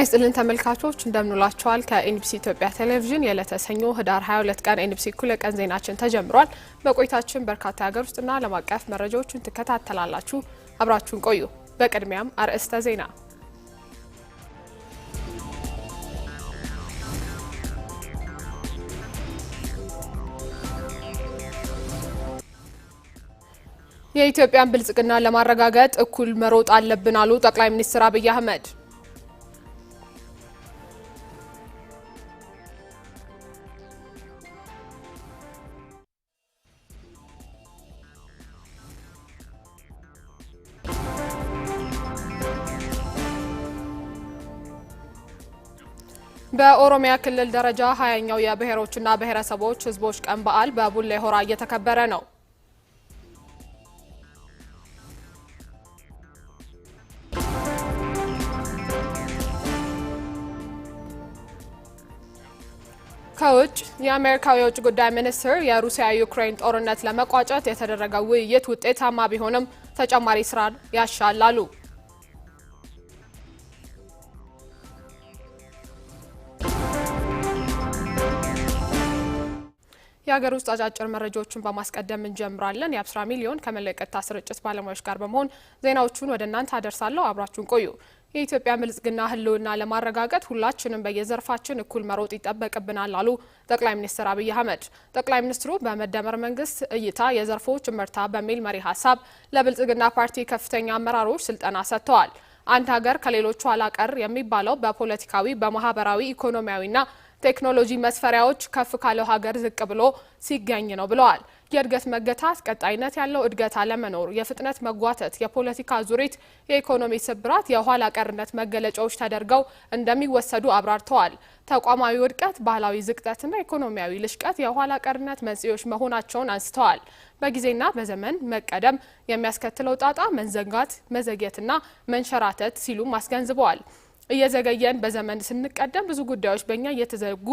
ጤና ይስጥልን ተመልካቾች እንደምንላቸዋል። ከኤንቢሲ ኢትዮጵያ ቴሌቪዥን የዕለተ ሰኞ ህዳር 22 ቀን ኤንቢሲ እኩለ ቀን ዜናችን ተጀምሯል። በቆይታችን በርካታ የሀገር ውስጥና ዓለም አቀፍ መረጃዎችን ትከታተላላችሁ። አብራችሁን ቆዩ። በቅድሚያም አርዕስተ ዜና። የኢትዮጵያን ብልጽግና ለማረጋገጥ እኩል መሮጥ አለብን አሉ ጠቅላይ ሚኒስትር አብይ አህመድ። በኦሮሚያ ክልል ደረጃ ሀያኛው የብሔሮችና ብሔረሰቦች ህዝቦች ቀን በዓል በቡሌ ሆራ እየተከበረ ነው። ከውጭ የአሜሪካው የውጭ ጉዳይ ሚኒስትር የሩሲያ ዩክሬን ጦርነት ለመቋጨት የተደረገው ውይይት ውጤታማ ቢሆንም ተጨማሪ ስራ ያሻል አሉ። የሀገር ውስጥ አጫጭር መረጃዎችን በማስቀደም እንጀምራለን። የአብስራ ሚሊዮን ከመላው የቀጥታ ስርጭት ባለሙያዎች ጋር በመሆን ዜናዎቹን ወደ እናንተ አደርሳለሁ። አብራችሁን ቆዩ። የኢትዮጵያ ብልጽግና ህልውና ለማረጋገጥ ሁላችንም በየዘርፋችን እኩል መሮጥ ይጠበቅብናል አሉ ጠቅላይ ሚኒስትር አብይ አህመድ። ጠቅላይ ሚኒስትሩ በመደመር መንግስት እይታ የዘርፎች እምርታ በሚል መሪ ሀሳብ ለብልጽግና ፓርቲ ከፍተኛ አመራሮች ስልጠና ሰጥተዋል። አንድ ሀገር ከሌሎቹ አላቀር የሚባለው በፖለቲካዊ፣ በማህበራዊ፣ ኢኮኖሚያዊና ቴክኖሎጂ መስፈሪያዎች ከፍ ካለው ሀገር ዝቅ ብሎ ሲገኝ ነው ብለዋል። የእድገት መገታት፣ ቀጣይነት ያለው እድገት አለመኖር፣ የፍጥነት መጓተት፣ የፖለቲካ ዙሪት፣ የኢኮኖሚ ስብራት የኋላ ቀርነት መገለጫዎች ተደርገው እንደሚወሰዱ አብራርተዋል። ተቋማዊ ውድቀት፣ ባህላዊ ዝቅጠትና ኢኮኖሚያዊ ልሽቀት የኋላ ቀርነት መንስኤዎች መሆናቸውን አንስተዋል። በጊዜና በዘመን መቀደም የሚያስከትለው ጣጣ መዘንጋት፣ መዘግየትና መንሸራተት ሲሉም አስገንዝበዋል። እየዘገየን በዘመን ስንቀደም ብዙ ጉዳዮች በእኛ እየተዘጉ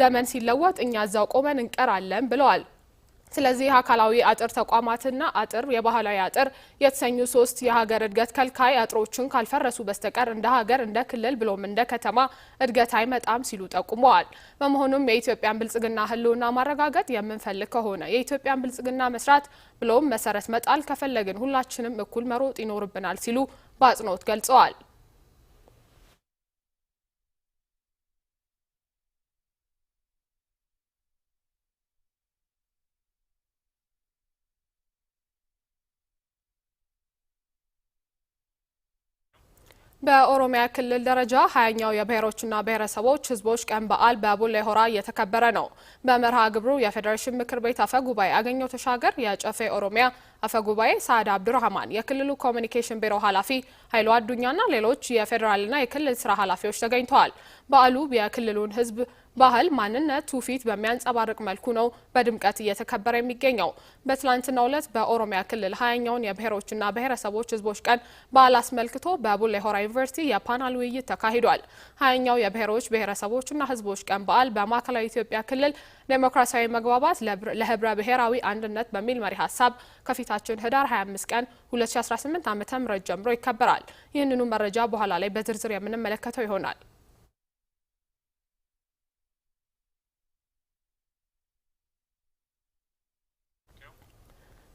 ዘመን ሲለወጥ እኛ እዛው ቆመን እንቀራለን ብለዋል። ስለዚህ አካላዊ አጥር ተቋማትና አጥር የባህላዊ አጥር የተሰኙ ሶስት የሀገር እድገት ከልካይ አጥሮችን ካልፈረሱ በስተቀር እንደ ሀገር እንደ ክልል ብሎም እንደ ከተማ እድገት አይመጣም ሲሉ ጠቁመዋል። በመሆኑም የኢትዮጵያን ብልጽግና ህልውና ማረጋገጥ የምንፈልግ ከሆነ የኢትዮጵያን ብልጽግና መስራት ብሎም መሰረት መጣል ከፈለግን ሁላችንም እኩል መሮጥ ይኖርብናል ሲሉ በአጽንኦት ገልጸዋል። በኦሮሚያ ክልል ደረጃ ሀያኛው የብሔሮችና ብሔረሰቦች ህዝቦች ቀን በዓል በቡሌ ሆራ እየተከበረ ነው። በመርሃ ግብሩ የፌዴሬሽን ምክር ቤት አፈ ጉባኤ አገኘው ተሻገር፣ የጨፌ ኦሮሚያ አፈ ጉባኤ ሳዕድ አብዱራህማን፣ የክልሉ ኮሚኒኬሽን ቢሮ ኃላፊ ኃይሉ አዱኛና ሌሎች የፌዴራልና የክልል ስራ ኃላፊዎች ተገኝተዋል። በዓሉ የክልሉን ህዝብ ባህል ማንነት ትውፊት በሚያንጸባርቅ መልኩ ነው በድምቀት እየተከበረ የሚገኘው። በትላንትናው ዕለት በኦሮሚያ ክልል ሀያኛውን የብሔሮችና ብሔረሰቦች ህዝቦች ቀን በዓል አስመልክቶ በቡሌ ሆራ ዩኒቨርሲቲ የፓናል ውይይት ተካሂዷል። ሀያኛው የብሔሮች ብሔረሰቦችና ህዝቦች ቀን በዓል በማዕከላዊ ኢትዮጵያ ክልል ዴሞክራሲያዊ መግባባት ለህብረ ብሔራዊ አንድነት በሚል መሪ ሀሳብ ከፊታችን ህዳር 25 ቀን 2018 ዓ ም ጀምሮ ይከበራል። ይህንኑ መረጃ በኋላ ላይ በዝርዝር የምንመለከተው ይሆናል።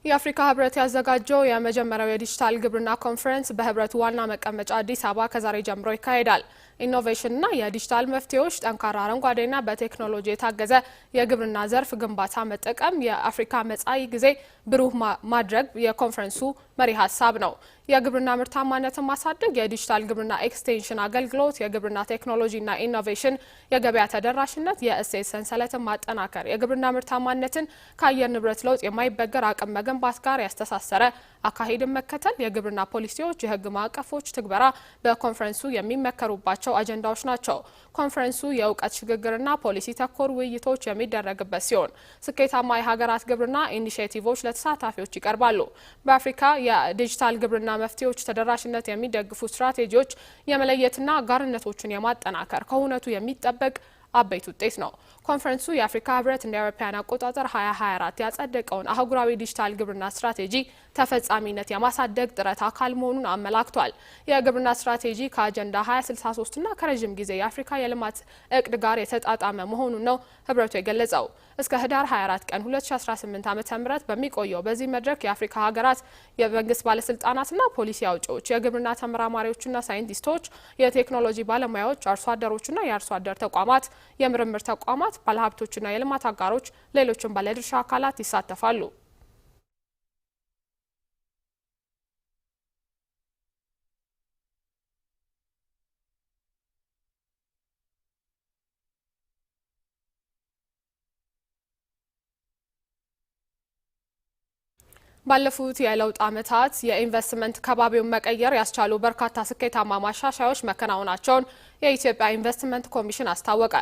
የአፍሪካ ህብረት ያዘጋጀው የመጀመሪያው የዲጂታል ግብርና ኮንፈረንስ በህብረቱ ዋና መቀመጫ አዲስ አበባ ከዛሬ ጀምሮ ይካሄዳል። ኢኖቬሽንና የዲጂታል መፍትሄዎች፣ ጠንካራ አረንጓዴና በቴክኖሎጂ የታገዘ የግብርና ዘርፍ ግንባታ መጠቀም፣ የአፍሪካ መጻኢ ጊዜ ብሩህ ማድረግ የኮንፈረንሱ መሪ ሀሳብ ነው። የግብርና ምርታማነትን ማሳደግ፣ የዲጂታል ግብርና ኤክስቴንሽን አገልግሎት፣ የግብርና ቴክኖሎጂና ኢኖቬሽን፣ የገበያ ተደራሽነት፣ የእሴት ሰንሰለትን ማጠናከር፣ የግብርና ምርታማነትን ከአየር ንብረት ለውጥ የማይበገር አቅም መገንባት ጋር ያስተሳሰረ አካሄድን መከተል፣ የግብርና ፖሊሲዎች፣ የህግ ማዕቀፎች ትግበራ በኮንፈረንሱ የሚመከሩባቸው ያላቸው አጀንዳዎች ናቸው። ኮንፈረንሱ የእውቀት ሽግግርና ፖሊሲ ተኮር ውይይቶች የሚደረግበት ሲሆን ስኬታማ የሀገራት ግብርና ኢኒሽቲቮች ለተሳታፊዎች ይቀርባሉ። በአፍሪካ የዲጂታል ግብርና መፍትሄዎች ተደራሽነት የሚደግፉ ስትራቴጂዎች የመለየትና ጋርነቶችን የማጠናከር ከሁነቱ የሚጠበቅ አበይት ውጤት ነው። ኮንፈረንሱ የአፍሪካ ህብረት እንደ አውሮፓውያን አቆጣጠር 2024 ያጸደቀውን አህጉራዊ ዲጂታል ግብርና ስትራቴጂ ተፈጻሚነት የማሳደግ ጥረት አካል መሆኑን አመላክቷል። የግብርና ስትራቴጂ ከአጀንዳ 2063 እና ከረዥም ጊዜ የአፍሪካ የልማት እቅድ ጋር የተጣጣመ መሆኑን ነው ህብረቱ የገለጸው። እስከ ህዳር 24 ቀን 2018 ዓ.ም በሚቆየው በዚህ መድረክ የአፍሪካ ሀገራት የመንግስት ባለስልጣናትና ፖሊሲ አውጪዎች፣ የግብርና ተመራማሪዎችና ሳይንቲስቶች፣ የቴክኖሎጂ ባለሙያዎች፣ አርሶ አደሮችና የአርሶ አደር ተቋማት፣ የምርምር ተቋማት በማስፋፋት ባለሀብቶችና የልማት አጋሮች፣ ሌሎችም ባለድርሻ አካላት ይሳተፋሉ። ባለፉት የለውጥ ዓመታት የኢንቨስትመንት ከባቢውን መቀየር ያስቻሉ በርካታ ስኬታማ ማሻሻያዎች መከናወናቸውን የኢትዮጵያ ኢንቨስትመንት ኮሚሽን አስታወቀ።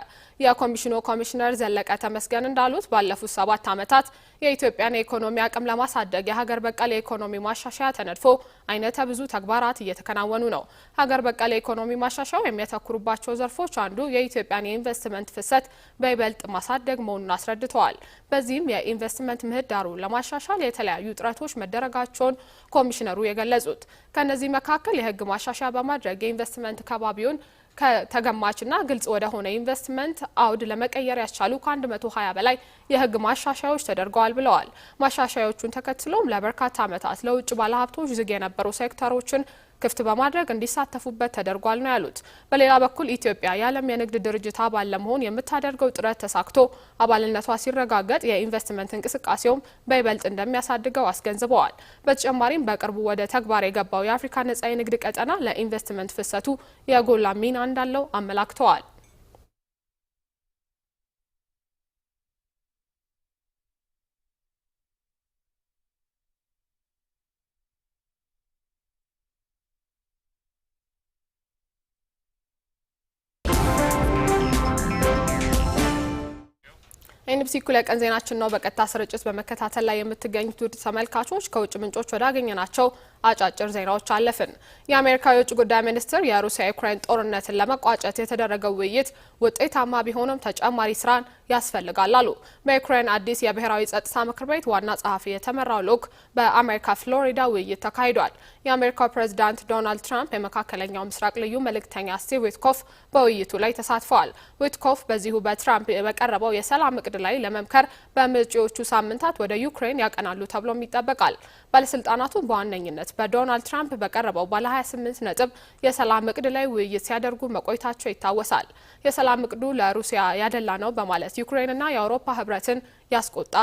የኮሚሽኑ ኮሚሽነር ዘለቀ ተመስገን እንዳሉት ባለፉት ሰባት ዓመታት የኢትዮጵያን የኢኮኖሚ አቅም ለማሳደግ የሀገር በቀል የኢኮኖሚ ማሻሻያ ተነድፎ አይነተ ብዙ ተግባራት እየተከናወኑ ነው። ሀገር በቀል የኢኮኖሚ ማሻሻያው የሚያተኩሩባቸው ዘርፎች አንዱ የኢትዮጵያን የኢንቨስትመንት ፍሰት በይበልጥ ማሳደግ መሆኑን አስረድተዋል። በዚህም የኢንቨስትመንት ምህዳሩ ለማሻሻል የተለያዩ ጥረቶች መደረጋቸውን ኮሚሽነሩ የገለጹት ከእነዚህ መካከል የህግ ማሻሻያ በማድረግ የኢንቨስትመንት ከባቢውን ከተገማችና ግልጽ ወደ ሆነ ኢንቨስትመንት አውድ ለመቀየር ያስቻሉ ከ120 በላይ የህግ ማሻሻያዎች ተደርገዋል ብለዋል። ማሻሻያዎቹን ተከትሎም ለበርካታ ዓመታት ለውጭ ባለሀብቶች ዝግ የነበሩ ሴክተሮችን ክፍት በማድረግ እንዲሳተፉበት ተደርጓል ነው ያሉት። በሌላ በኩል ኢትዮጵያ የዓለም የንግድ ድርጅት አባል ለመሆን የምታደርገው ጥረት ተሳክቶ አባልነቷ ሲረጋገጥ የኢንቨስትመንት እንቅስቃሴውም በይበልጥ እንደሚያሳድገው አስገንዝበዋል። በተጨማሪም በቅርቡ ወደ ተግባር የገባው የአፍሪካ ነጻ የንግድ ቀጠና ለኢንቨስትመንት ፍሰቱ የጎላ ሚና እንዳለው አመላክተዋል። ኤንቢሲ እኩለ ቀን ዜናችን ነው በቀጥታ ስርጭት በመከታተል ላይ የምትገኙት ውድ ተመልካቾች፣ ከውጭ ምንጮች ወዳገኘናቸው አጫጭር ዜናዎች አለፍን። የአሜሪካ የውጭ ጉዳይ ሚኒስትር የሩሲያ ዩክራይን ጦርነትን ለመቋጨት የተደረገው ውይይት ውጤታማ ቢሆንም ተጨማሪ ስራን ያስፈልጋል አሉ። በዩክራይን አዲስ የብሔራዊ ጸጥታ ምክር ቤት ዋና ጸሐፊ የተመራው ልዑክ በአሜሪካ ፍሎሪዳ ውይይት ተካሂዷል። የአሜሪካው ፕሬዚዳንት ዶናልድ ትራምፕ የመካከለኛው ምስራቅ ልዩ መልእክተኛ ስቲቭ ዊትኮፍ በውይይቱ ላይ ተሳትፈዋል። ዊትኮፍ በዚሁ በትራምፕ በቀረበው የሰላም እቅድ ላይ ለመምከር በመጪዎቹ ሳምንታት ወደ ዩክሬን ያቀናሉ ተብሎም ይጠበቃል። ባለስልጣናቱ በዋነኝነት በዶናልድ ትራምፕ በቀረበው ባለ 28 ነጥብ የሰላም እቅድ ላይ ውይይት ሲያደርጉ መቆየታቸው ይታወሳል። የሰላም እቅዱ ለሩሲያ ያደላ ነው በማለት ዩክሬንና የአውሮፓ ህብረትን ያስቆጣ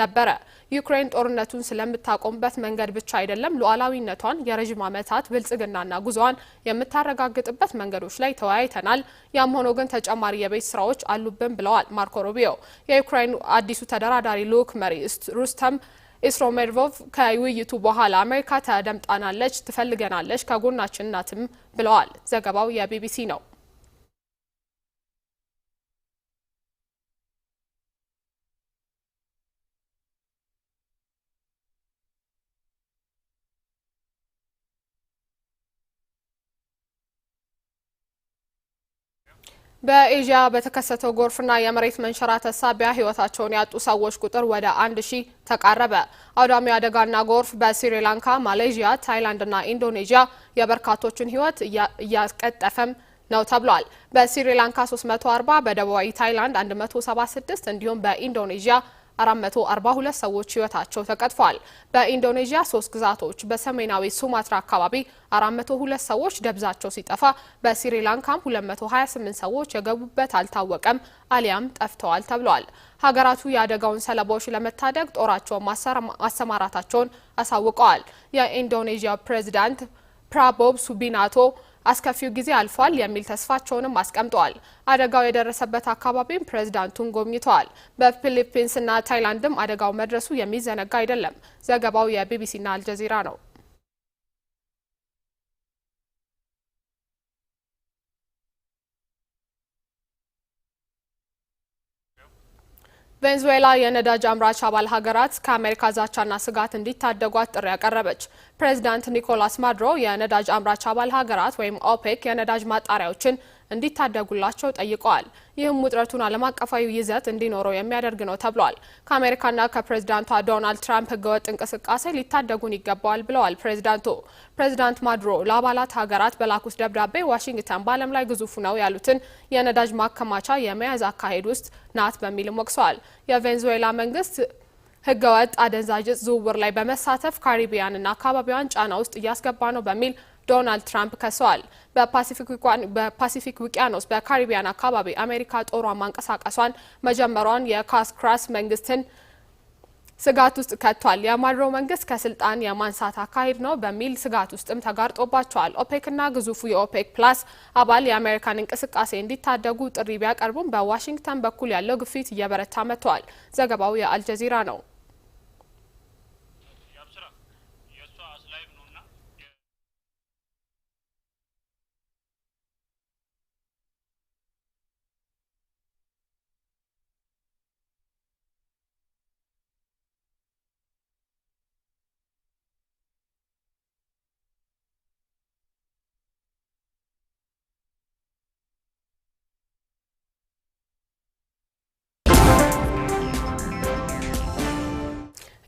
ነበረ። ዩክሬን ጦርነቱን ስለምታቆምበት መንገድ ብቻ አይደለም ሉዓላዊነቷን፣ የረዥም ዓመታት ብልጽግናና ጉዞዋን የምታረጋግጥበት መንገዶች ላይ ተወያይተናል። ያም ሆኖ ግን ተጨማሪ የቤት ስራዎች አሉብን ብለዋል ማርኮ ሩቢዮ። የዩክሬን አዲሱ ተደራዳሪ ልዑክ መሪ ሩስተም ኢስሮሜድቮቭ ከውይይቱ በኋላ አሜሪካ ተደምጣናለች፣ ትፈልገናለች፣ ከጎናችን ናትም ብለዋል። ዘገባው የቢቢሲ ነው። በኤዥያ በተከሰተው ጎርፍና የመሬት መንሸራተት ሳቢያ ሕይወታቸውን ያጡ ሰዎች ቁጥር ወደ አንድ ሺህ ተቃረበ። አውዳሚ አደጋና ጎርፍ በስሪላንካ፣ ማሌዥያ፣ ታይላንድና ኢንዶኔዥያ የበርካቶችን ሕይወት እያስቀጠፈም ነው ተብሏል። በስሪላንካ 340፣ በደቡባዊ ታይላንድ 176 እንዲሁም በኢንዶኔዥያ 442 ሰዎች ሕይወታቸው ተቀጥፏል። በኢንዶኔዥያ ሶስት ግዛቶች በሰሜናዊ ሱማትራ አካባቢ 402 ሰዎች ደብዛቸው ሲጠፋ በስሪላንካም 228 ሰዎች የገቡበት አልታወቀም አሊያም ጠፍተዋል ተብሏል። ሀገራቱ የአደጋውን ሰለባዎች ለመታደግ ጦራቸውን ማሰማራታቸውን አሳውቀዋል። የኢንዶኔዥያ ፕሬዚዳንት ፕራቦብ ሱቢናቶ አስከፊው ጊዜ አልፏል የሚል ተስፋቸውንም አስቀምጠዋል። አደጋው የደረሰበት አካባቢም ፕሬዝዳንቱን ጎብኝተዋል። በፊሊፒንስና ታይላንድም አደጋው መድረሱ የሚዘነጋ አይደለም። ዘገባው የቢቢሲና አልጀዚራ ነው። ቬንዙዌላ የነዳጅ አምራች አባል ሀገራት ከአሜሪካ ዛቻና ስጋት እንዲታደጓት ጥሪ ያቀረበች። ፕሬዚዳንት ኒኮላስ ማድሮ የነዳጅ አምራች አባል ሀገራት ወይም ኦፔክ የነዳጅ ማጣሪያዎችን እንዲታደጉላቸው ጠይቀዋል። ይህም ውጥረቱን ዓለም አቀፋዊ ይዘት እንዲኖረው የሚያደርግ ነው ተብሏል። ከአሜሪካና ከፕሬዝዳንቷ ዶናልድ ትራምፕ ህገወጥ እንቅስቃሴ ሊታደጉን ይገባዋል ብለዋል ፕሬዚዳንቱ። ፕሬዚዳንት ማዱሮ ለአባላት ሀገራት በላኩት ደብዳቤ ዋሽንግተን በዓለም ላይ ግዙፉ ነው ያሉትን የነዳጅ ማከማቻ የመያዝ አካሄድ ውስጥ ናት በሚልም ወቅሰዋል። የቬንዙዌላ መንግስት ህገወጥ አደንዛዥ ዝውውር ላይ በመሳተፍ ካሪቢያንና አካባቢዋን ጫና ውስጥ እያስገባ ነው በሚል ዶናልድ ትራምፕ ከሰዋል። በፓሲፊክ ውቅያኖስ በካሪቢያን አካባቢ አሜሪካ ጦሯን ማንቀሳቀሷን መጀመሯን የካስክራስ መንግስትን ስጋት ውስጥ ከቷል። የማድሮ መንግስት ከስልጣን የማንሳት አካሄድ ነው በሚል ስጋት ውስጥም ተጋርጦባቸዋል። ኦፔክና ግዙፉ የኦፔክ ፕላስ አባል የአሜሪካን እንቅስቃሴ እንዲታደጉ ጥሪ ቢያቀርቡም በዋሽንግተን በኩል ያለው ግፊት እየበረታ መጥተዋል። ዘገባው የአልጀዚራ ነው።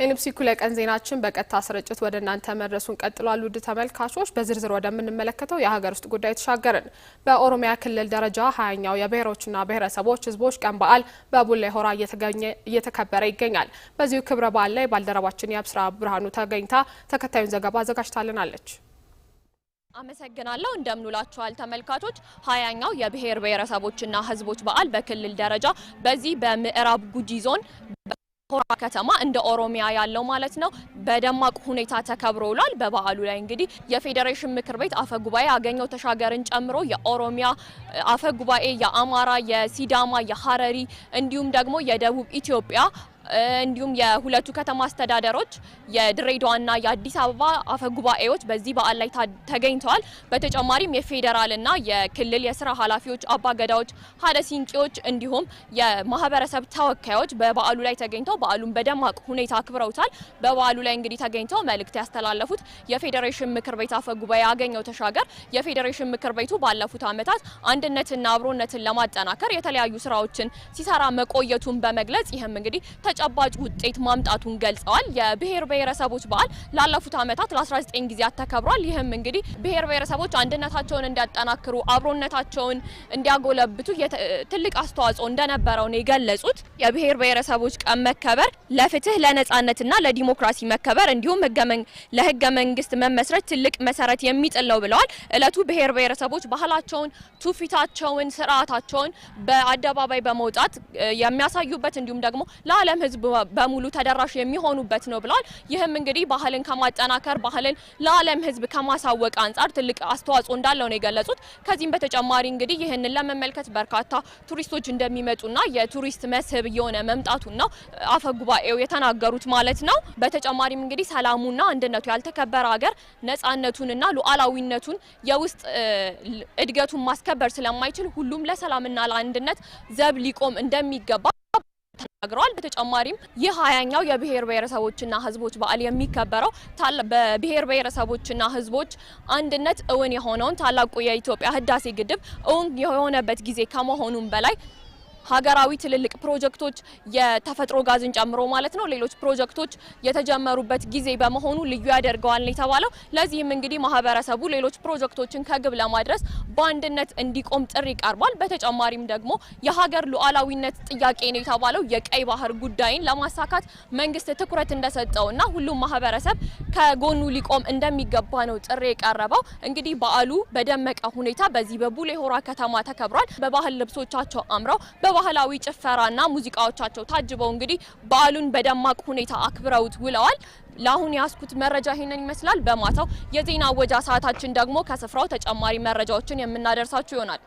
የንብስ እኩለ ቀን ዜናችን በቀጥታ ስርጭት ወደ እናንተ መድረሱን ቀጥሏል። ውድ ተመልካቾች በዝርዝር ወደምንመለከተው የሀገር ውስጥ ጉዳይ ተሻገርን። በኦሮሚያ ክልል ደረጃ ሀያኛው የብሔሮችና ብሔረሰቦች ህዝቦች ቀን በዓል በቡሌ ሆራ እየተከበረ ይገኛል። በዚሁ ክብረ በዓል ላይ ባልደረባችን የአብስራ ብርሃኑ ተገኝታ ተከታዩን ዘገባ አዘጋጅታልናለች። አመሰግናለሁ። እንደምንውላችኋል ተመልካቾች። ሀያኛው የብሔር ብሔረሰቦችና ህዝቦች በዓል በክልል ደረጃ በዚህ በምዕራብ ጉጂ ዞን ሆራ ከተማ እንደ ኦሮሚያ ያለው ማለት ነው በደማቅ ሁኔታ ተከብሮ ውሏል። በበዓሉ ላይ እንግዲህ የፌዴሬሽን ምክር ቤት አፈ ጉባኤ አገኘው ተሻገርን ጨምሮ የኦሮሚያ አፈ ጉባኤ፣ የአማራ፣ የሲዳማ፣ የሀረሪ እንዲሁም ደግሞ የደቡብ ኢትዮጵያ እንዲሁም የሁለቱ ከተማ አስተዳደሮች የድሬዳዋና የአዲስ አበባ አፈ ጉባኤዎች በዚህ በዓል ላይ ተገኝተዋል። በተጨማሪም የፌዴራልና የክልል የስራ ኃላፊዎች፣ አባገዳዎች፣ ሀደ ሲንቄዎች እንዲሁም የማህበረሰብ ተወካዮች በበዓሉ ላይ ተገኝተው በዓሉን በደማቅ ሁኔታ አክብረውታል። በበዓሉ ላይ እንግዲህ ተገኝተው መልእክት ያስተላለፉት የፌዴሬሽን ምክር ቤት አፈ ጉባኤ አገኘው ተሻገር የፌዴሬሽን ምክር ቤቱ ባለፉት ዓመታት አንድነትና አብሮነትን ለማጠናከር የተለያዩ ስራዎችን ሲሰራ መቆየቱን በመግለጽ ይህም እንግዲህ ተጨባጭ ውጤት ማምጣቱን ገልጸዋል። የብሔር ብሔረሰቦች በዓል ላለፉት ዓመታት ለ19 ጊዜያት ተከብሯል። ይህም እንግዲህ ብሔር ብሔረሰቦች አንድነታቸውን እንዲያጠናክሩ፣ አብሮነታቸውን እንዲያጎለብቱ ትልቅ አስተዋጽኦ እንደነበረው ነው የገለጹት። የብሔር ብሔረሰቦች ቀን መከበር ለፍትህ ለነጻነትና ለዲሞክራሲ መከበር እንዲሁም ለህገ መንግስት መመስረት ትልቅ መሰረት የሚጥል ነው ብለዋል። እለቱ ብሔር ብሔረሰቦች ባህላቸውን፣ ትውፊታቸውን፣ ስርዓታቸውን በአደባባይ በመውጣት የሚያሳዩበት እንዲሁም ደግሞ ለዓለም ህዝብ በሙሉ ተደራሽ የሚሆኑበት ነው ብለዋል። ይህም እንግዲህ ባህልን ከማጠናከር ባህልን ለዓለም ህዝብ ከማሳወቅ አንጻር ትልቅ አስተዋጽኦ እንዳለው ነው የገለጹት። ከዚህም በተጨማሪ እንግዲህ ይህንን ለመመልከት በርካታ ቱሪስቶች እንደሚመጡና የቱሪስት መስህብ እየሆነ መምጣቱን ነው አፈ ጉባኤው የተናገሩት ማለት ነው። በተጨማሪም እንግዲህ ሰላሙና አንድነቱ ያልተከበረ ሀገር ነጻነቱንና ሉዓላዊነቱን የውስጥ እድገቱን ማስከበር ስለማይችል ሁሉም ለሰላምና ለአንድነት ዘብ ሊቆም እንደሚገባ ተናግረዋል። በተጨማሪም ይህ ሀያኛው የብሔር ብሔረሰቦችና ህዝቦች በዓል የሚከበረው በብሔር ብሔረሰቦችና ህዝቦች አንድነት እውን የሆነውን ታላቁ የኢትዮጵያ ህዳሴ ግድብ እውን የሆነበት ጊዜ ከመሆኑም በላይ ሀገራዊ ትልልቅ ፕሮጀክቶች የተፈጥሮ ጋዝን ጨምሮ ማለት ነው ሌሎች ፕሮጀክቶች የተጀመሩበት ጊዜ በመሆኑ ልዩ ያደርገዋል ነው የተባለው። ለዚህም እንግዲህ ማህበረሰቡ ሌሎች ፕሮጀክቶችን ከግብ ለማድረስ በአንድነት እንዲቆም ጥሪ ቀርቧል። በተጨማሪም ደግሞ የሀገር ሉዓላዊነት ጥያቄ ነው የተባለው የቀይ ባህር ጉዳይን ለማሳካት መንግስት ትኩረት እንደሰጠውና ሁሉም ማህበረሰብ ከጎኑ ሊቆም እንደሚገባ ነው ጥሪ የቀረበው። እንግዲህ በዓሉ በደመቀ ሁኔታ በዚህ በቡሌ ሆራ ከተማ ተከብሯል። በባህል ልብሶቻቸው አምረው በባህላዊ ጭፈራና ሙዚቃዎቻቸው ታጅበው እንግዲህ በዓሉን በደማቅ ሁኔታ አክብረውት ውለዋል። ለአሁን ያስኩት መረጃ ይሄንን ይመስላል። በማታው የዜና ወጃ ሰዓታችን ደግሞ ከስፍራው ተጨማሪ መረጃዎችን የምናደርሳችሁ ይሆናል።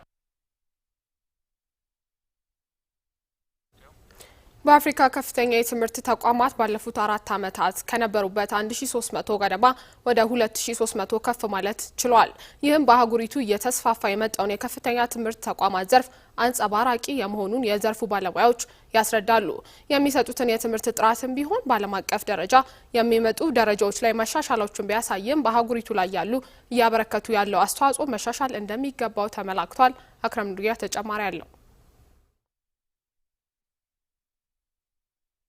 በአፍሪካ ከፍተኛ የትምህርት ተቋማት ባለፉት አራት ዓመታት ከነበሩበት 1300 ገደማ ወደ 2300 ከፍ ማለት ችሏል። ይህም በአህጉሪቱ እየተስፋፋ የመጣውን የከፍተኛ ትምህርት ተቋማት ዘርፍ አንጸባራቂ የመሆኑን የዘርፉ ባለሙያዎች ያስረዳሉ። የሚሰጡትን የትምህርት ጥራትም ቢሆን በዓለም አቀፍ ደረጃ የሚመጡ ደረጃዎች ላይ መሻሻሎችን ቢያሳይም በአህጉሪቱ ላይ ያሉ እያበረከቱ ያለው አስተዋጽኦ መሻሻል እንደሚገባው ተመላክቷል። አክረም ዱያ ተጨማሪ አለው።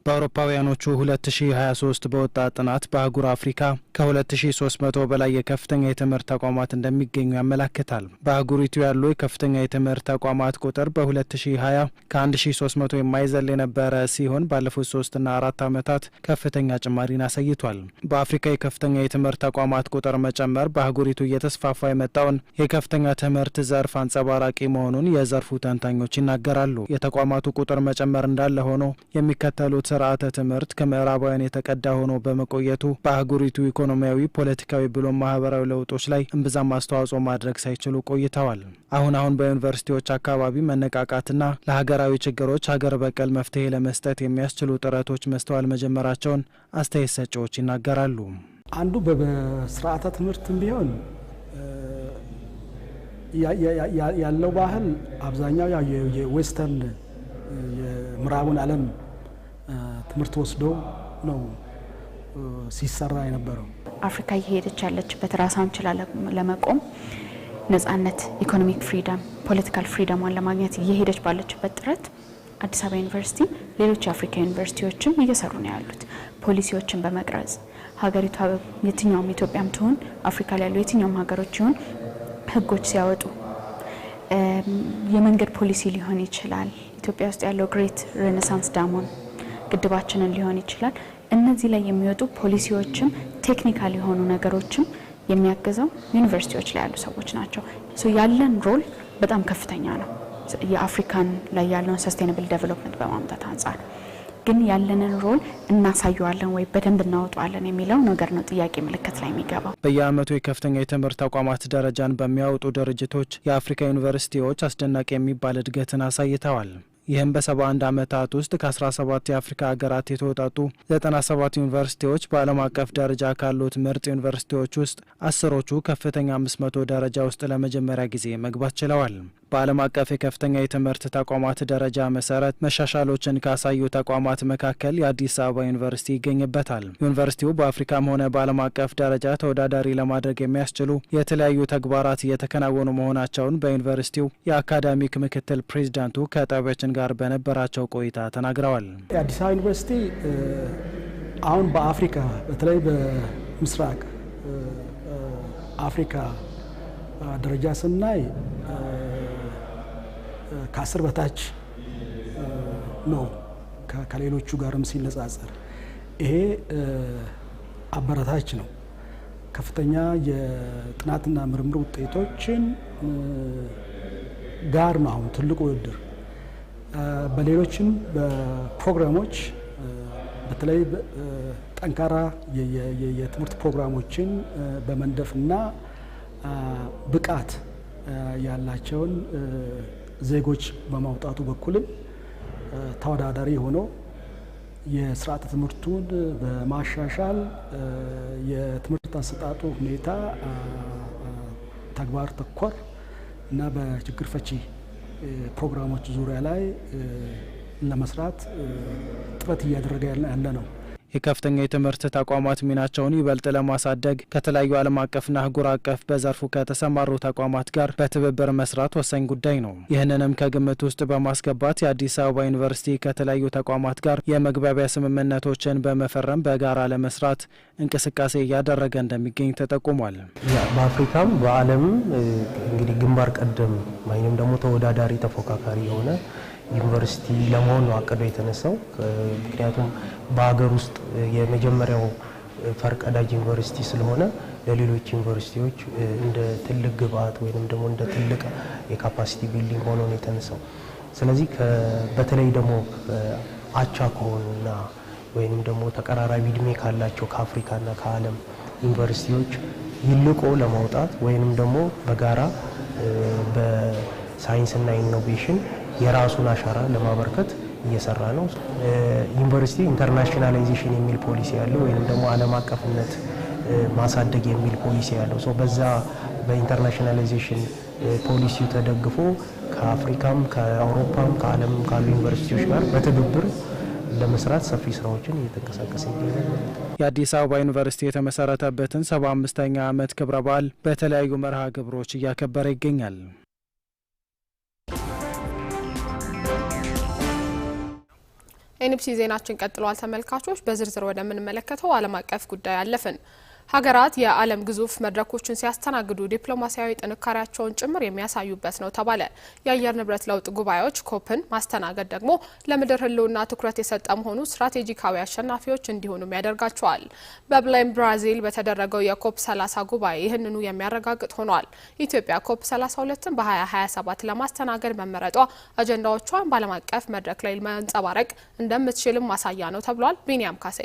በአውሮፓውያኖቹ 2023 በወጣ ጥናት በአህጉር አፍሪካ ከ2300 በላይ የከፍተኛ የትምህርት ተቋማት እንደሚገኙ ያመላክታል። በአህጉሪቱ ያሉ የከፍተኛ የትምህርት ተቋማት ቁጥር በ2020 ከ1300 የማይዘል የነበረ ሲሆን ባለፉት ሶስትና አራት ዓመታት ከፍተኛ ጭማሪን አሳይቷል። በአፍሪካ የከፍተኛ የትምህርት ተቋማት ቁጥር መጨመር በአህጉሪቱ እየተስፋፋ የመጣውን የከፍተኛ ትምህርት ዘርፍ አንጸባራቂ መሆኑን የዘርፉ ተንታኞች ይናገራሉ። የተቋማቱ ቁጥር መጨመር እንዳለ ሆኖ የሚከተሉት ስርዓተ ትምህርት ከምዕራባውያን የተቀዳ ሆኖ በመቆየቱ በአህጉሪቱ ኢኮኖሚያዊ፣ ፖለቲካዊ ብሎም ማህበራዊ ለውጦች ላይ እምብዛም አስተዋጽኦ ማድረግ ሳይችሉ ቆይተዋል። አሁን አሁን በዩኒቨርሲቲዎች አካባቢ መነቃቃትና ለሀገራዊ ችግሮች ሀገር በቀል መፍትሄ ለመስጠት የሚያስችሉ ጥረቶች መስተዋል መጀመራቸውን አስተያየት ሰጪዎች ይናገራሉ። አንዱ በስርዓተ ትምህርትም ቢሆን ያለው ባህል አብዛኛው የዌስተርን የምዕራቡን ዓለም ትምህርት ወስደው ነው ሲሰራ የነበረው። አፍሪካ እየሄደች ያለችበት ራሷን ችላ ለመቆም ነጻነት፣ ኢኮኖሚክ ፍሪደም፣ ፖለቲካል ፍሪደሟን ለማግኘት እየሄደች ባለችበት ጥረት አዲስ አበባ ዩኒቨርሲቲ ሌሎች የአፍሪካ ዩኒቨርሲቲዎችም እየሰሩ ነው ያሉት ፖሊሲዎችን በመቅረጽ ሀገሪቷ የትኛውም ኢትዮጵያም ትሆን አፍሪካ ላይ ያሉ የትኛውም ሀገሮች ይሁን ህጎች ሲያወጡ የመንገድ ፖሊሲ ሊሆን ይችላል። ኢትዮጵያ ውስጥ ያለው ግሬት ሬኔሳንስ ዳሞን ግድባችንን ሊሆን ይችላል። እነዚህ ላይ የሚወጡ ፖሊሲዎችም ቴክኒካል የሆኑ ነገሮችም የሚያግዘው ዩኒቨርሲቲዎች ላይ ያሉ ሰዎች ናቸው። ያለን ሮል በጣም ከፍተኛ ነው። የአፍሪካን ላይ ያለውን ሰስቴናብል ዴቨሎፕመንት በማምጣት አንጻር ግን ያለንን ሮል እናሳየዋለን ወይ በደንብ እናወጣዋለን የሚለው ነገር ነው ጥያቄ ምልክት ላይ የሚገባው። በየአመቱ የከፍተኛ የትምህርት ተቋማት ደረጃን በሚያወጡ ድርጅቶች የአፍሪካ ዩኒቨርሲቲዎች አስደናቂ የሚባል እድገትን አሳይተዋል። ይህም በ71 ዓመታት ውስጥ ከ17 የአፍሪካ ሀገራት የተወጣጡ 97 ዩኒቨርሲቲዎች በዓለም አቀፍ ደረጃ ካሉት ምርጥ ዩኒቨርሲቲዎች ውስጥ አስሮቹ ከፍተኛ 500 ደረጃ ውስጥ ለመጀመሪያ ጊዜ መግባት ችለዋል። በዓለም አቀፍ የከፍተኛ የትምህርት ተቋማት ደረጃ መሰረት መሻሻሎችን ካሳዩ ተቋማት መካከል የአዲስ አበባ ዩኒቨርሲቲ ይገኝበታል። ዩኒቨርሲቲው በአፍሪካም ሆነ በዓለም አቀፍ ደረጃ ተወዳዳሪ ለማድረግ የሚያስችሉ የተለያዩ ተግባራት እየተከናወኑ መሆናቸውን በዩኒቨርሲቲው የአካዳሚክ ምክትል ፕሬዚዳንቱ ከጣቢያችን ጋር በነበራቸው ቆይታ ተናግረዋል። የአዲስ አበባ ዩኒቨርሲቲ አሁን በአፍሪካ በተለይ በምስራቅ አፍሪካ ደረጃ ስናይ ከአስር በታች ነው ከሌሎቹ ጋርም ሲነጻጸር። ይሄ አበረታች ነው። ከፍተኛ የጥናትና ምርምር ውጤቶችን ጋር ነው አሁን ትልቁ ውድድር። በሌሎችም በፕሮግራሞች በተለይ ጠንካራ የትምህርት ፕሮግራሞችን በመንደፍና ብቃት ያላቸውን ዜጎች በማውጣቱ በኩልም ተወዳዳሪ ሆኖ የስርዓተ ትምህርቱን በማሻሻል የትምህርት አሰጣጡ ሁኔታ ተግባር ተኮር እና በችግር ፈቺ ፕሮግራሞች ዙሪያ ላይ ለመስራት ጥረት እያደረገ ያለ ነው። የከፍተኛ የትምህርት ተቋማት ሚናቸውን ይበልጥ ለማሳደግ ከተለያዩ ዓለም አቀፍና አህጉር አቀፍ በዘርፉ ከተሰማሩ ተቋማት ጋር በትብብር መስራት ወሳኝ ጉዳይ ነው። ይህንንም ከግምት ውስጥ በማስገባት የአዲስ አበባ ዩኒቨርሲቲ ከተለያዩ ተቋማት ጋር የመግባቢያ ስምምነቶችን በመፈረም በጋራ ለመስራት እንቅስቃሴ እያደረገ እንደሚገኝ ተጠቁሟል። በአፍሪካም በዓለምም እንግዲህ ግንባር ቀደም ወይም ደግሞ ተወዳዳሪ ተፎካካሪ የሆነ ዩኒቨርሲቲ ለመሆን ነው አቅዶ የተነሳው። ምክንያቱም በሀገር ውስጥ የመጀመሪያው ፈርቀዳጅ ዩኒቨርሲቲ ስለሆነ ለሌሎች ዩኒቨርሲቲዎች እንደ ትልቅ ግብአት ወይም ደግሞ እንደ ትልቅ የካፓሲቲ ቢልዲንግ ሆኖ ነው የተነሳው። ስለዚህ በተለይ ደግሞ አቻ ከሆኑና ወይም ደግሞ ተቀራራቢ እድሜ ካላቸው ከአፍሪካና ከዓለም ዩኒቨርሲቲዎች ይልቆ ለማውጣት ወይንም ደግሞ በጋራ በሳይንስና ኢኖቬሽን የራሱን አሻራ ለማበርከት እየሰራ ነው። ዩኒቨርሲቲ ኢንተርናሽናላይዜሽን የሚል ፖሊሲ ያለው ወይም ደግሞ ዓለም አቀፍነት ማሳደግ የሚል ፖሊሲ ያለው ሰው በዛ በኢንተርናሽናላይዜሽን ፖሊሲው ተደግፎ ከአፍሪካም ከአውሮፓም ከዓለም ካሉ ዩኒቨርሲቲዎች ጋር በትብብር ለመስራት ሰፊ ስራዎችን እየተንቀሳቀሰ ይገኛል። የአዲስ አበባ ዩኒቨርሲቲ የተመሰረተበትን ሰባ አምስተኛ ዓመት ክብረ በዓል በተለያዩ መርሃ ግብሮች እያከበረ ይገኛል። ኤንቢሲ ዜናችን ቀጥሏል ተመልካቾች። በዝርዝር ወደምንመለከተው ዓለም አቀፍ ጉዳይ አለፍን። ሀገራት የዓለም ግዙፍ መድረኮችን ሲያስተናግዱ ዲፕሎማሲያዊ ጥንካሬያቸውን ጭምር የሚያሳዩበት ነው ተባለ። የአየር ንብረት ለውጥ ጉባኤዎች ኮፕን ማስተናገድ ደግሞ ለምድር ሕልውና ትኩረት የሰጠ መሆኑ ስትራቴጂካዊ አሸናፊዎች እንዲሆኑም ያደርጋቸዋል። በብሌም ብራዚል በተደረገው የኮፕ 30 ጉባኤ ይህንኑ የሚያረጋግጥ ሆኗል። ኢትዮጵያ ኮፕ 32ን በ2027 ለማስተናገድ መመረጧ አጀንዳዎቿን በዓለም አቀፍ መድረክ ላይ መንጸባረቅ እንደምትችልም ማሳያ ነው ተብሏል። ቢኒያም ካሴ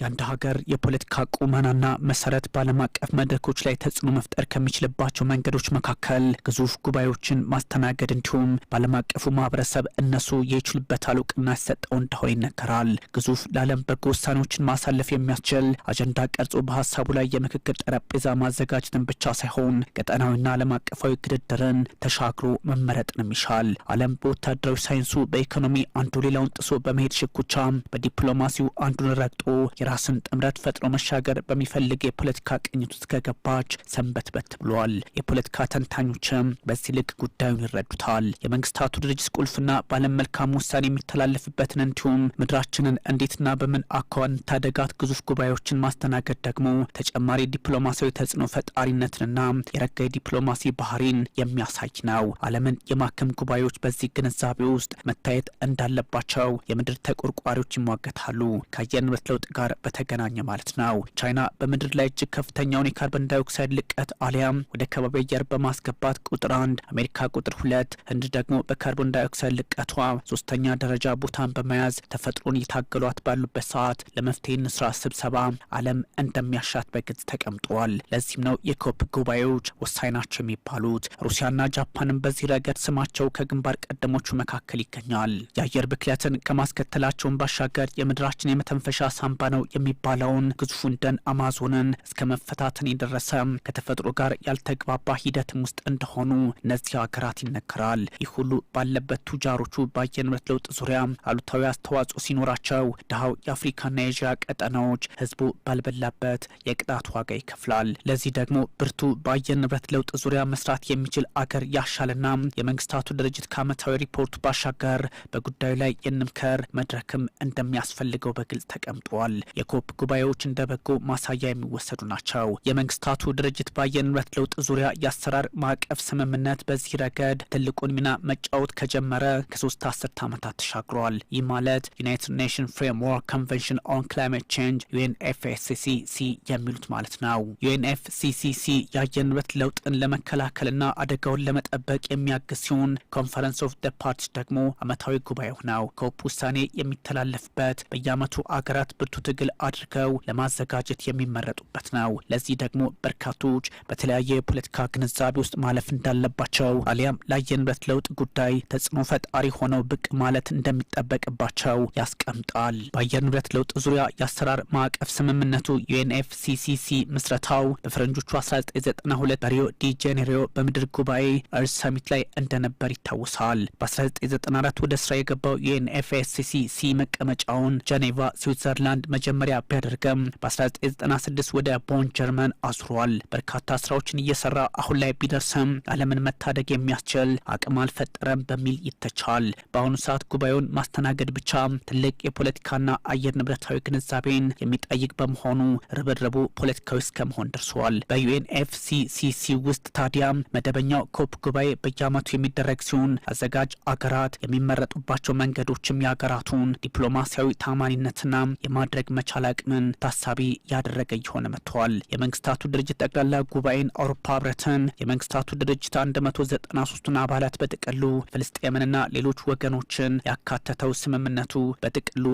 የአንድ ሀገር የፖለቲካ ቁመናና መሰረት በዓለም አቀፍ መድረኮች ላይ ተጽዕኖ መፍጠር ከሚችልባቸው መንገዶች መካከል ግዙፍ ጉባኤዎችን ማስተናገድ እንዲሁም በዓለም አቀፉ ማህበረሰብ እነሱ የችሉበታል እውቅና ሲሰጠው እንደሆነ ይነገራል። ግዙፍ ለዓለም በጎ ውሳኔዎችን ማሳለፍ የሚያስችል አጀንዳ ቀርጾ በሀሳቡ ላይ የምክክር ጠረጴዛ ማዘጋጀትን ብቻ ሳይሆን ቀጠናዊና ዓለም አቀፋዊ ግድድርን ተሻግሮ መመረጥንም ይሻል። ዓለም በወታደራዊ ሳይንሱ፣ በኢኮኖሚ አንዱ ሌላውን ጥሶ በመሄድ ሽኩቻ፣ በዲፕሎማሲው አንዱን ረግጦ የራስን ጥምረት ፈጥሮ መሻገር በሚፈልግ የፖለቲካ ቅኝት ውስጥ ከገባች ሰንበት በት ብሏል። የፖለቲካ ተንታኞችም በዚህ ልክ ጉዳዩን ይረዱታል። የመንግስታቱ ድርጅት ቁልፍና በዓለም መልካም ውሳኔ የሚተላለፍበትን እንዲሁም ምድራችንን እንዴትና በምን አኳኋን ታደጋት ግዙፍ ጉባኤዎችን ማስተናገድ ደግሞ ተጨማሪ ዲፕሎማሲያዊ ተጽዕኖ ፈጣሪነትንና የረጋ ዲፕሎማሲ ባህሪን የሚያሳይ ነው። ዓለምን የማከም ጉባኤዎች በዚህ ግንዛቤ ውስጥ መታየት እንዳለባቸው የምድር ተቆርቋሪዎች ይሟገታሉ። ከአየር ንብረት ለውጥ ጋር በተገናኘ ማለት ነው። ቻይና በምድር ላይ እጅግ ከፍተኛውን የካርበን ዳይኦክሳይድ ልቀት አሊያም ወደ ከባቢ አየር በማስገባት ቁጥር አንድ፣ አሜሪካ ቁጥር ሁለት፣ ህንድ ደግሞ በካርቦን ዳይኦክሳይድ ልቀቷ ሶስተኛ ደረጃ ቦታን በመያዝ ተፈጥሮን እየታገሏት ባሉበት ሰዓት ለመፍትሄ እንስራ ስብሰባ አለም እንደሚያሻት በግልጽ ተቀምጧል። ለዚህም ነው የኮፕ ጉባኤዎች ወሳኝ ናቸው የሚባሉት። ሩሲያና ጃፓንም በዚህ ረገድ ስማቸው ከግንባር ቀደሞቹ መካከል ይገኛል። የአየር ብክለትን ከማስከተላቸውን ባሻገር የምድራችን የመተንፈሻ ሳንባ ነው የሚባለውን ግዙፉን ደን አማዞንን እስከ መፈታትን የደረሰ ከተፈጥሮ ጋር ያልተግባባ ሂደትም ውስጥ እንደሆኑ እነዚህ ሀገራት ይነገራል። ይህ ሁሉ ባለበት ቱጃሮቹ በአየር ንብረት ለውጥ ዙሪያ አሉታዊ አስተዋጽኦ ሲኖራቸው ድሀው የአፍሪካና የኤዥያ ቀጠናዎች ህዝቡ ባልበላበት የቅጣት ዋጋ ይከፍላል። ለዚህ ደግሞ ብርቱ በአየር ንብረት ለውጥ ዙሪያ መስራት የሚችል አገር ያሻልና የመንግስታቱ ድርጅት ከዓመታዊ ሪፖርቱ ባሻገር በጉዳዩ ላይ የንምከር መድረክም እንደሚያስፈልገው በግልጽ ተቀምጧል። የኮፕ ጉባኤዎች እንደ በጎ ማሳያ የሚወሰዱ ናቸው። የመንግስታቱ ድርጅት በአየር ንብረት ለውጥ ዙሪያ የአሰራር ማዕቀፍ ስምምነት በዚህ ረገድ ትልቁን ሚና መጫወት ከጀመረ ከሶስት አስርት ዓመታት ተሻግሯል። ይህ ማለት ዩናይትድ ኔሽን ፍሬምወርክ ኮንቨንሽን ኦን ክላይሜት ቼንጅ ዩኤንኤፍሲሲሲ የሚሉት ማለት ነው። ዩኤንኤፍሲሲሲ የአየር ንብረት ለውጥን ለመከላከልና አደጋውን ለመጠበቅ የሚያግዝ ሲሆን ኮንፈረንስ ኦፍ ደ ፓርቲስ ደግሞ ዓመታዊ ጉባኤው ነው። ኮፕ ውሳኔ የሚተላለፍበት በየዓመቱ አገራት ብርቱ ትግል ማዕከል አድርገው ለማዘጋጀት የሚመረጡበት ነው። ለዚህ ደግሞ በርካቶች በተለያየ የፖለቲካ ግንዛቤ ውስጥ ማለፍ እንዳለባቸው አሊያም ላየንበት ለውጥ ጉዳይ ተጽዕኖ ፈጣሪ ሆነው ብቅ ማለት እንደሚጠበቅባቸው ያስቀምጣል። በአየር ንብረት ለውጥ ዙሪያ የአሰራር ማዕቀፍ ስምምነቱ ዩኤንኤፍሲሲሲ ምስረታው በፈረንጆቹ 1992 በሪዮ ዲ ጄኔሪዮ በምድር ጉባኤ እርስ ሰሚት ላይ እንደነበር ይታወሳል። በ1994 ወደ ስራ የገባው ዩኤንኤፍሲሲሲ መቀመጫውን ጀኔቫ ስዊትዘርላንድ መጀመ መጀመሪያ ቢያደርገም በ1996 ወደ ቦን ጀርመን አዙሯል። በርካታ ስራዎችን እየሰራ አሁን ላይ ቢደርስም ዓለምን መታደግ የሚያስችል አቅም አልፈጠረም በሚል ይተቻል። በአሁኑ ሰዓት ጉባኤውን ማስተናገድ ብቻ ትልቅ የፖለቲካና አየር ንብረታዊ ግንዛቤን የሚጠይቅ በመሆኑ ርብርቡ ፖለቲካዊ መሆን ደርሰዋል። በዩኤንኤፍሲሲሲ ውስጥ ታዲያ መደበኛው ኮፕ ጉባኤ በየዓመቱ የሚደረግ ሲሆን አዘጋጅ አገራት የሚመረጡባቸው መንገዶችም የሀገራቱን ዲፕሎማሲያዊ ታማኒነትና የማድረግ መቻል አቅምን ታሳቢ ያደረገ እየሆነ መጥተዋል። የመንግስታቱ ድርጅት ጠቅላላ ጉባኤን፣ አውሮፓ ህብረትን፣ የመንግስታቱ ድርጅት 193ቱን አባላት በጥቅሉ ፍልስጤምንና ሌሎች ወገኖችን ያካተተው ስምምነቱ በጥቅሉ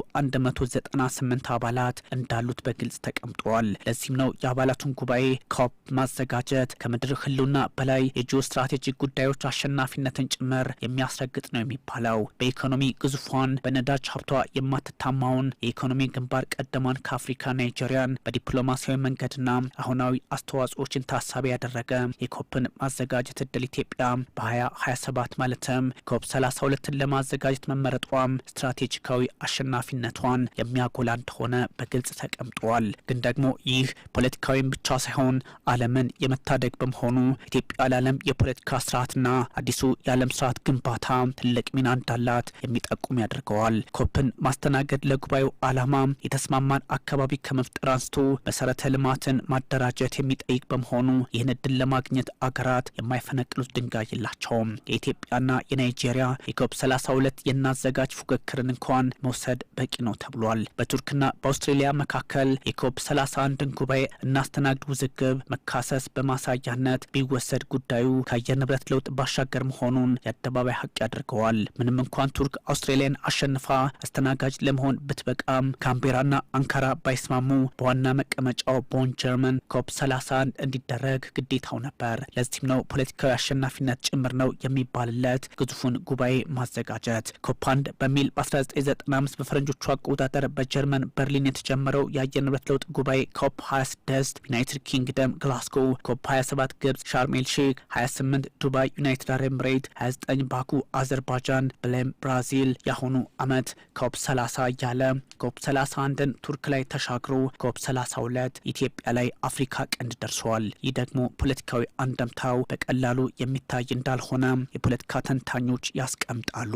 198 አባላት እንዳሉት በግልጽ ተቀምጠዋል። ለዚህም ነው የአባላቱን ጉባኤ ኮፕ ማዘጋጀት ከምድር ህልውና በላይ የጂኦ ስትራቴጂክ ጉዳዮች አሸናፊነትን ጭምር የሚያስረግጥ ነው የሚባለው። በኢኮኖሚ ግዙፏን በነዳጅ ሀብቷ የማትታማውን የኢኮኖሚ ግንባር ቀ ቀደማን ከአፍሪካ ናይጄሪያን በዲፕሎማሲያዊ መንገድና አሁናዊ አስተዋጽኦችን ታሳቢ ያደረገ የኮፕን ማዘጋጀት እድል ኢትዮጵያ በ2027 ማለትም ኮፕ 32ን ለማዘጋጀት መመረጧም ስትራቴጂካዊ አሸናፊነቷን የሚያጎላ እንደሆነ በግልጽ ተቀምጧል። ግን ደግሞ ይህ ፖለቲካዊም ብቻ ሳይሆን ዓለምን የመታደግ በመሆኑ ኢትዮጵያ ለዓለም የፖለቲካ ስርዓትና አዲሱ የዓለም ስርዓት ግንባታ ትልቅ ሚና እንዳላት የሚጠቁም ያደርገዋል። ኮፕን ማስተናገድ ለጉባኤው ዓላማ የተስማ የተስማማን አካባቢ ከመፍጠር አንስቶ መሰረተ ልማትን ማደራጀት የሚጠይቅ በመሆኑ ይህን እድል ለማግኘት አገራት የማይፈነቅሉት ድንጋይ የላቸውም። የኢትዮጵያና የናይጄሪያ የኮፕ 32 የናዘጋጅ ፉክክርን እንኳን መውሰድ በቂ ነው ተብሏል። በቱርክና በአውስትሬሊያ መካከል የኮፕ 31ን ጉባኤ እናስተናግድ ውዝግብ መካሰስ በማሳያነት ቢወሰድ ጉዳዩ ከአየር ንብረት ለውጥ ባሻገር መሆኑን የአደባባይ ሀቅ ያደርገዋል። ምንም እንኳን ቱርክ አውስትሬሊያን አሸንፋ አስተናጋጅ ለመሆን ብትበቃም ካምቤራና አንካራ ባይስማሙ በዋና መቀመጫው ቦን ጀርመን ኮፕ 31 እንዲደረግ ግዴታው ነበር። ለዚህም ነው ፖለቲካዊ አሸናፊነት ጭምር ነው የሚባልለት ግዙፉን ጉባኤ ማዘጋጀት። ኮፕ አንድ በሚል በ1995 በፈረንጆቹ አቆጣጠር በጀርመን በርሊን የተጀመረው የአየር ንብረት ለውጥ ጉባኤ ኮፕ 26 ዩናይትድ ኪንግደም ግላስጎ፣ ኮፕ 27 ግብጽ ሻርሜል ሼክ፣ 28 ዱባይ ዩናይትድ አረብ ኤምሬት፣ 29 ባኩ አዘርባጃን ብለም ብራዚል፣ የአሁኑ አመት ኮፕ 30 እያለ ኮፕ 31ን ቱርክ ላይ ተሻግሮ ኮፕ 32 ኢትዮጵያ ላይ አፍሪካ ቀንድ ደርሰዋል። ይህ ደግሞ ፖለቲካዊ አንደምታው በቀላሉ የሚታይ እንዳልሆነ የፖለቲካ ተንታኞች ያስቀምጣሉ።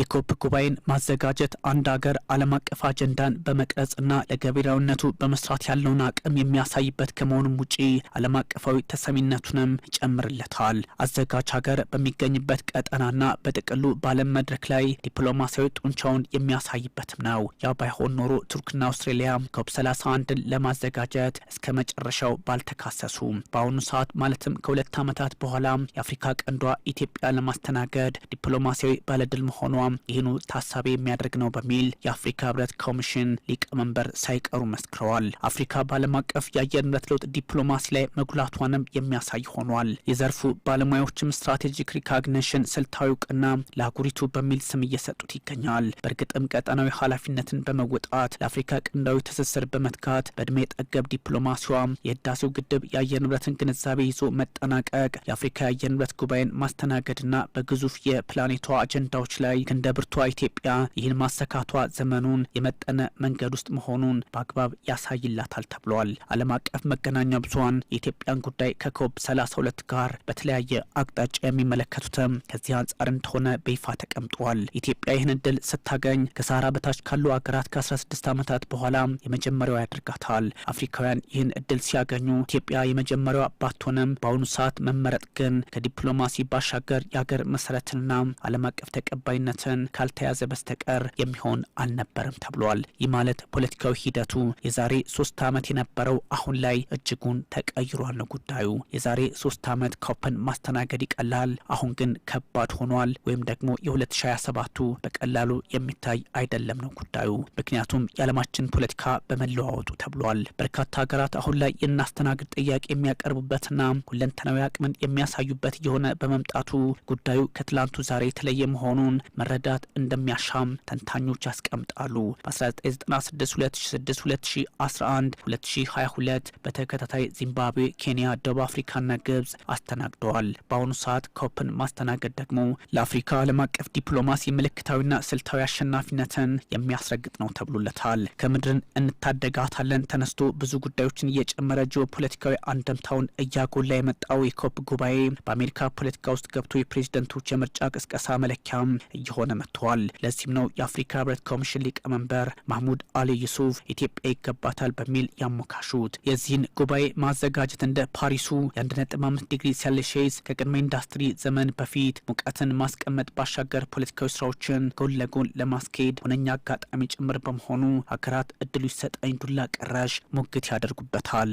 የኮፕ ጉባኤን ማዘጋጀት አንድ ሀገር ዓለም አቀፍ አጀንዳን በመቅረጽና ለገቢራዊነቱ በመስራት ያለውን አቅም የሚያሳይበት ከመሆኑም ውጪ ዓለም አቀፋዊ ተሰሚነቱንም ይጨምርለታል። አዘጋጅ ሀገር በሚገኝበት ቀጠናና በጥቅሉ በዓለም መድረክ ላይ ዲፕሎማሲያዊ ጡንቻውን የሚያሳይበትም ነው። ያ ባይሆን ኖሮ ቱርክና አውስትራ አውስትሬሊያ ኮፕ 31 ለማዘጋጀት እስከ መጨረሻው ባልተካሰሱ በአሁኑ ሰዓት ማለትም ከሁለት ዓመታት በኋላ የአፍሪካ ቀንዷ ኢትዮጵያ ለማስተናገድ ዲፕሎማሲያዊ ባለድል መሆኗ ይህኑ ታሳቢ የሚያደርግ ነው በሚል የአፍሪካ ህብረት ኮሚሽን ሊቀመንበር ሳይቀሩ መስክረዋል። አፍሪካ በዓለም አቀፍ የአየር ንብረት ለውጥ ዲፕሎማሲ ላይ መጉላቷንም የሚያሳይ ሆኗል። የዘርፉ ባለሙያዎችም ስትራቴጂክ ሪካግኒሽን ስልታዊ እውቅና ለአህጉሪቱ በሚል ስም እየሰጡት ይገኛል። በእርግጥም ቀጠናዊ ኃላፊነትን በመወጣት ለአፍሪካ ቀንድ ቀጠናዊ ትስስር በመትካት በእድሜ ጠገብ ዲፕሎማሲዋ የህዳሴው ግድብ የአየር ንብረትን ግንዛቤ ይዞ መጠናቀቅ የአፍሪካ የአየር ንብረት ጉባኤን ማስተናገድና በግዙፍ የፕላኔቷ አጀንዳዎች ላይ እንደ ብርቷ ኢትዮጵያ ይህን ማሰካቷ ዘመኑን የመጠነ መንገድ ውስጥ መሆኑን በአግባብ ያሳይላታል ተብሏል። ዓለም አቀፍ መገናኛ ብዙኃን የኢትዮጵያን ጉዳይ ከኮብ 32 ጋር በተለያየ አቅጣጫ የሚመለከቱትም ከዚህ አንጻር እንደሆነ በይፋ ተቀምጠዋል። ኢትዮጵያ ይህን እድል ስታገኝ ከሳራ በታች ካሉ ሀገራት ከ16 ዓመታት በኋላ በኋላ የመጀመሪያው ያደርጋታል። አፍሪካውያን ይህን እድል ሲያገኙ ኢትዮጵያ የመጀመሪያው ባትሆንም በአሁኑ ሰዓት መመረጥ ግን ከዲፕሎማሲ ባሻገር የሀገር መሰረትንና ዓለም አቀፍ ተቀባይነትን ካልተያዘ በስተቀር የሚሆን አልነበርም ተብሏል። ይህ ማለት ፖለቲካዊ ሂደቱ የዛሬ ሶስት ዓመት የነበረው አሁን ላይ እጅጉን ተቀይሯል ነው ጉዳዩ። የዛሬ ሶስት ዓመት ኮፐን ማስተናገድ ይቀላል፣ አሁን ግን ከባድ ሆኗል። ወይም ደግሞ የ2027ቱ በቀላሉ የሚታይ አይደለም ነው ጉዳዩ። ምክንያቱም የዓለማችን ፖለቲካ በመለዋወጡ ተብሏል። በርካታ ሀገራት አሁን ላይ የናስተናግድ ጥያቄ የሚያቀርቡበትና ሁለንተናዊ አቅምን የሚያሳዩበት እየሆነ በመምጣቱ ጉዳዩ ከትላንቱ ዛሬ የተለየ መሆኑን መረዳት እንደሚያሻም ተንታኞች ያስቀምጣሉ። በ1996 2011 2022 በተከታታይ ዚምባብዌ፣ ኬንያ፣ ደቡብ አፍሪካና ግብጽ አስተናግደዋል። በአሁኑ ሰዓት ኮፕን ማስተናገድ ደግሞ ለአፍሪካ ዓለም አቀፍ ዲፕሎማሲ ምልክታዊና ስልታዊ አሸናፊነትን የሚያስረግጥ ነው ተብሎለታል። ምድርን እንታደጋታለን ተነስቶ ብዙ ጉዳዮችን እየጨመረ ጂኦፖለቲካዊ አንደምታውን እያጎላ የመጣው የኮፕ ጉባኤ በአሜሪካ ፖለቲካ ውስጥ ገብቶ የፕሬዝደንቶች የምርጫ ቅስቀሳ መለኪያም እየሆነ መጥተዋል። ለዚህም ነው የአፍሪካ ህብረት ኮሚሽን ሊቀመንበር ማህሙድ አሊ ዩሱፍ ኢትዮጵያ ይገባታል በሚል ያሞካሹት። የዚህን ጉባኤ ማዘጋጀት እንደ ፓሪሱ የ1.5 ዲግሪ ሴልሺየስ ከቅድመ ኢንዱስትሪ ዘመን በፊት ሙቀትን ማስቀመጥ ባሻገር ፖለቲካዊ ስራዎችን ጎን ለጎን ለማስኬድ ሁነኛ አጋጣሚ ጭምር በመሆኑ ሀገራት ለመስራት እድሉ ይሰጠኝ ዱላ ቀራሽ ሙግት ያደርጉበታል።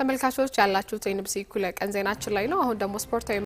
ተመልካቾች ያላችሁት የንብሲ እኩለ ቀን ዜናችን ላይ ነው። አሁን ደግሞ ስፖርታዊ